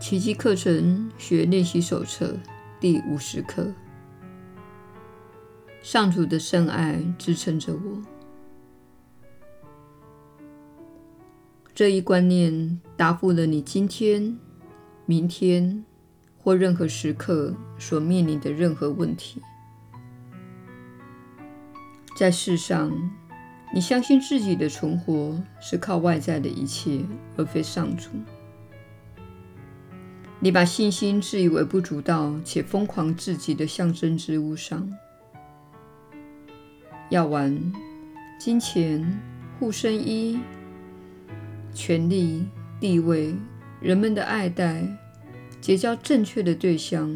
奇跡課程學練習手冊第五十課：上主的聖愛支撐着我。這一觀念答復了你今天、明天或任何時刻所面臨的任何問題。在世上，你相信自己的存活是靠外在的一切，而非上主。你把信心置於微不足道且瘋狂至極的象徵之物上：藥丸、金錢、護身衣、權力、地位、人們的愛戴、結交正確的對象，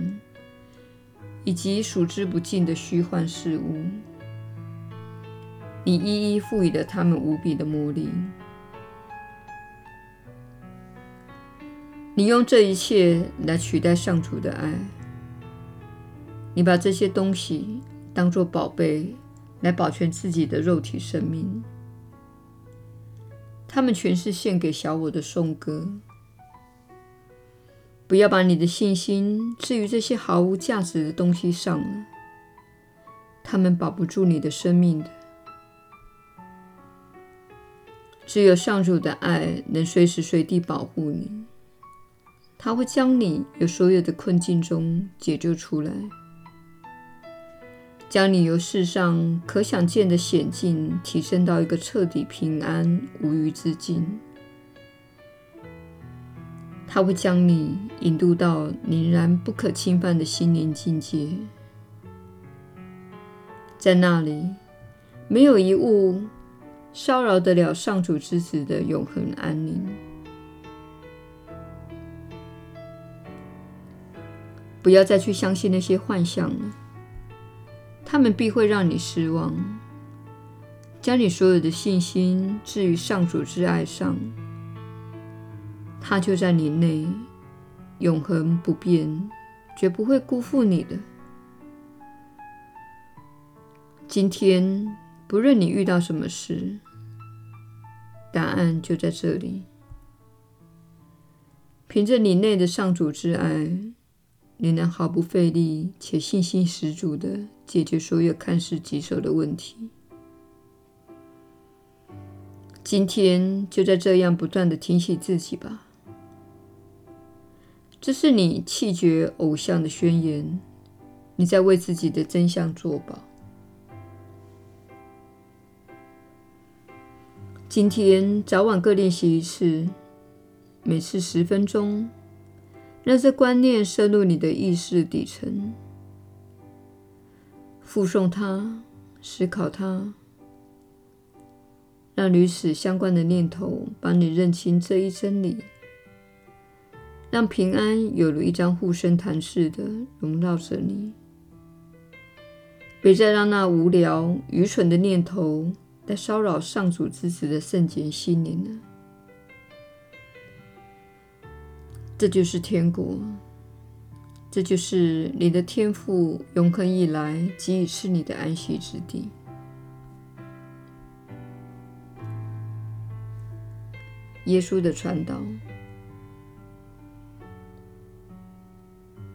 以及數之不盡的虛幻事物。你一一賦予了他們無比的魔力。你用這一切來取代上主的愛，你把這些東西當作寶貝來保全自己的肉體生命，他們全是獻給小我的頌歌。不要把你的信心置於這些毫無價值的東西上了，他們保不住你的生命的。只有上主的愛能隨時隨地保護你。他會將你由所有的困境中解救出來，將你由世上可想見的險境提升到一個徹底平安無虞之境。他會將你引渡到凜然不可侵犯的心靈境界，在那裡，沒有一物騷擾得了上主之子的永恆安寧。不要再去相信那些幻象了，他們必會讓你失望。將你所有的信心置於上主之愛上，他就在你內，永恆不變，絕不會辜負你的。今天，不論你遇到什麼事，答案就在這裡。憑着你內的上主之愛。你能毫不費力且信心十足地解決所有看似棘手的問題。今天就在這樣不斷地提醒自己吧，這是你棄絕偶像的宣言，你在為自己的真相作保。今天早晚各練習一次，每次十分鐘。讓這觀念深入你的意識底層，複誦它，思考它，讓與此相關的念頭幫你認清這一真理，讓平安有如一張護身毯似的籠罩着你，別再讓那無聊、愚蠢的念頭來騷擾上主之子的聖潔心靈了。這就是天國，這就是你的天父永恆以來即是你的安息之地。耶穌的傳導，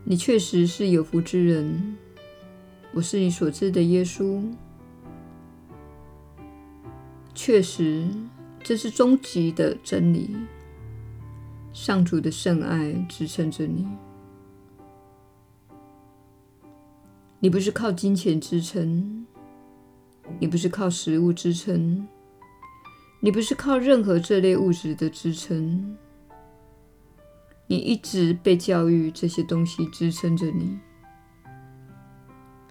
你確實是有福之人。我是你所知的耶穌，確實，這是終極的真理。上主的聖愛支撐着你。你不是靠金錢支撐，你不是靠食物支撐，你不是靠任何這類物質的支撐。你一直被教育這些東西支撐着你。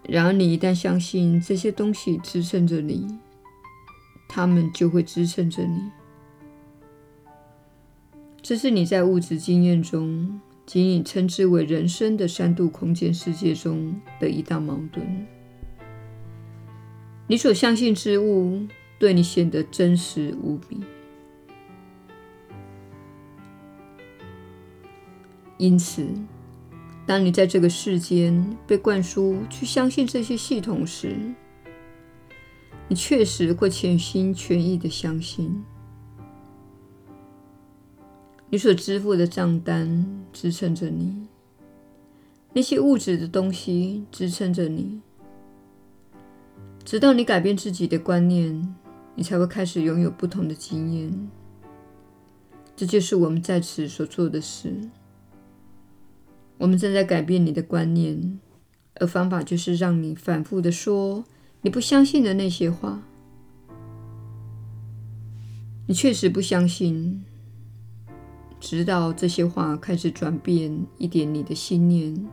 然而，你一旦相信這些東西支撐着你，他們就會支撐着你。這是你在物質經驗中，即你稱之為人生的三度空間世界中，的一大矛盾。你所相信之物，對你顯得真實無比。因此，當你在這個世間被灌輸去相信這些系統時，你確實會全心全意地相信。你所支付的賬單支撐着你，那些物質的東西支撐着你，直到你改變自己的觀念，你才會開始擁有不同的經驗。這就是我們在此所做的事。我們正在改變你的觀念，而方法就是讓你反覆地說你不相信的那些話。你確實不相信。直到這些話開始轉變一點你的信念，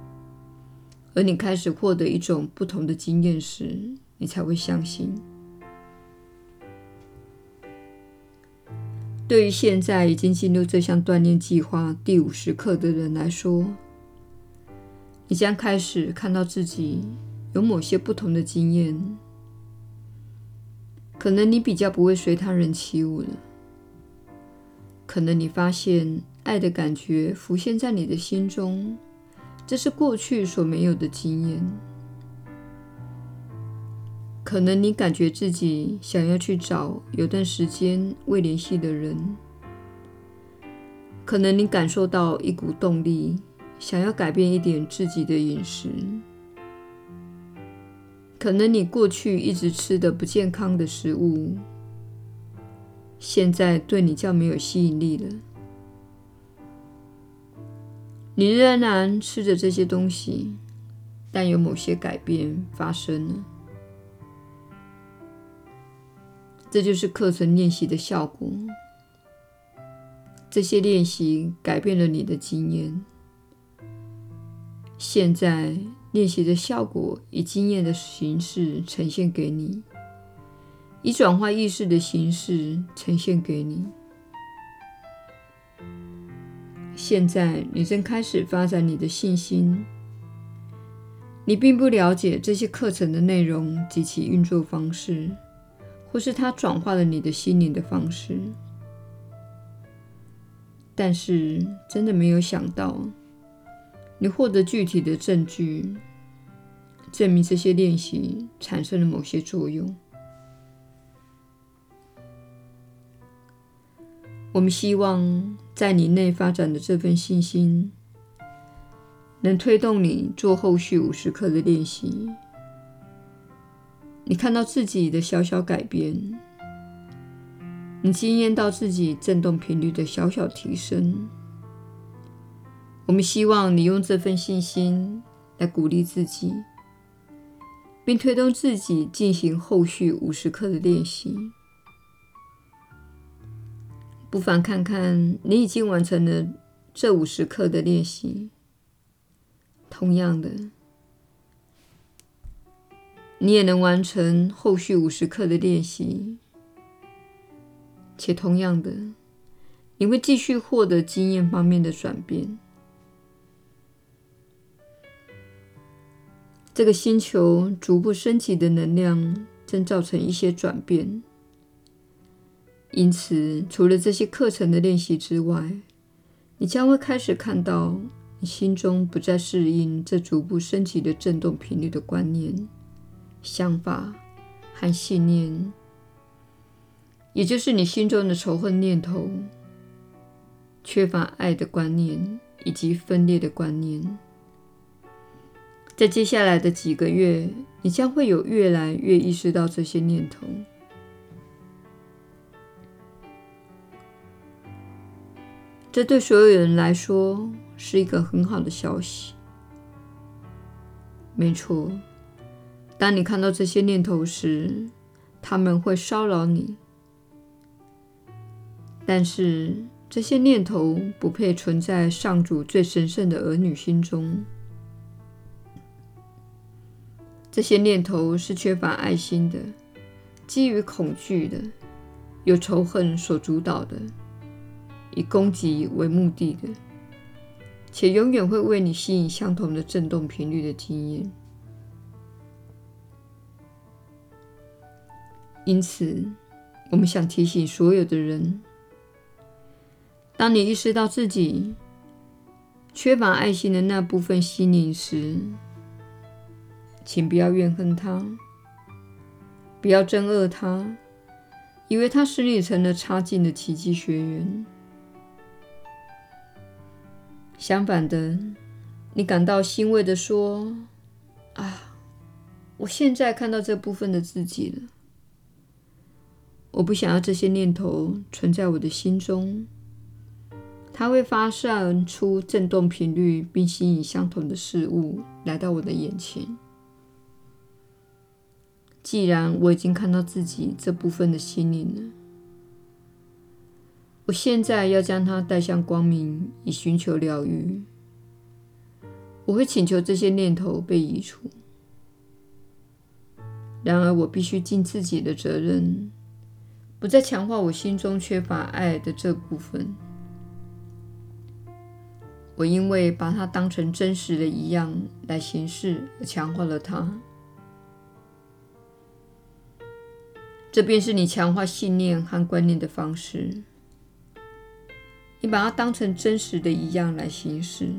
而你開始獲得一種不同的經驗時，你才會相信。對於現在已經進入這項鍛鍊計劃第五十課的人來說，你將開始看到自己有某些不同的經驗。可能你比較不會隨他人起舞了。可能你發現愛的感覺浮現在你的心中，這是過去所沒有的經驗。可能你感覺自己想要去找有段時間未聯繫的人。可能你感受到一股動力，想要改變一點自己的飲食。可能你過去一直吃的不健康的食物。現在對你較沒有吸引力了。你仍然吃着這些東西，但有某些改變發生了。這就是課程練習的效果。這些練習改變了你的經驗。現在，練習的效果以經驗的形式呈現給你。以轉化意識的形式呈現給你。現在你正開始發展你的信心。你並不了解這些課程的內容及其運作方式，或是它轉化了你的心靈的方式。但是，真的沒有想到，你獲得具體的證據，證明這些練習產生了某些作用。我們希望在你內發展的這份信心，能推動你做後續五十課的練習。你看到自己的小小改變，你經驗到自己振動頻率的小小提升。我們希望你用這份信心來鼓勵自己，並推動自己進行後續五十課的練習。不妨看看，你已經完成了這五十課的練習。同樣的，你也能完成後續五十課的練習，且同樣的，你會繼續獲得經驗方面的轉變。這個星球逐步升級的能量正造成一些轉變。因此，除了這些課程的練習之外，你將會開始看到你心中不再適應這逐步升級的振動頻率的觀念、想法和信念，也就是你心中的仇恨念頭、缺乏愛的觀念以及分裂的觀念。在接下來的幾個月，你將會有越來越意識到這些念頭。這對所有人來說，是一個很好的消息。沒錯，當你看到這些念頭時，它們會騷擾你。但是這些念頭不配存在上主最神聖的兒女心中。這些念頭是缺乏愛心的，基於恐懼的，由仇恨所主導的。以攻擊為目的的，且永遠會為你吸引相同的振動頻率的經驗。因此，我們想提醒所有的人：當你意識到自己缺乏愛心的那部分心靈時，請不要怨恨他，不要憎惡他，以為他使你成了差勁的奇跡學員。相反的，你感到欣慰地說：“啊，我現在看到這部分的自己了。我不想要這些念頭存在我的心中，它會發送出振動頻率，並吸引相同的事物來到我的眼前。既然我已經看到自己這部分的心靈了。”我現在要將它帶向光明，以尋求療癒。我會請求這些念頭被移除。然而，我必須盡自己的責任，不再強化我心中缺乏愛的這部分。我因為把它當成真實的一樣來行事，而強化了它。這便是你強化信念和觀念的方式。你把它當成真實的一樣來行事。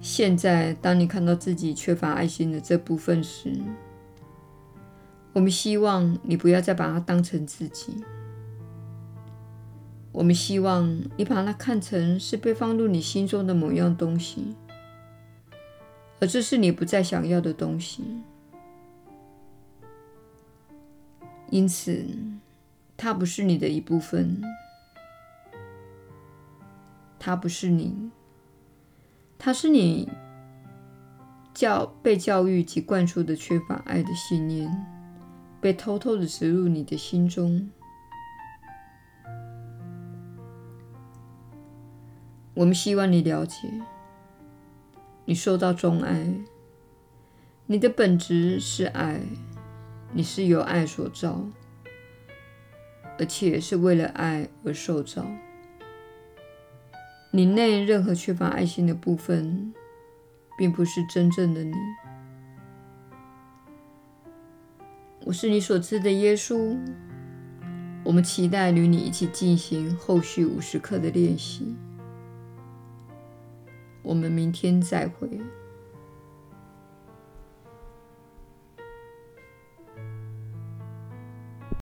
現在，當你看到自己缺乏愛心的這部分時，我們希望你不要再把它當成自己。我們希望你把它看成是被放入你心中的某樣東西，而這是你不再想要的東西。因此，它不是你的一部分，它不是你，它是你教，被教育及灌輸的缺乏愛的信念，被偷偷的植入你的心中。我們希望你了解，你受到鍾愛，你的本質是愛，你是由愛所造。而且是為了愛而受造。你內任何缺乏愛心的部分，並不是真正的你。我是你所知的耶穌。我們期待與你一起進行後續五十課的練習。我們明天再會。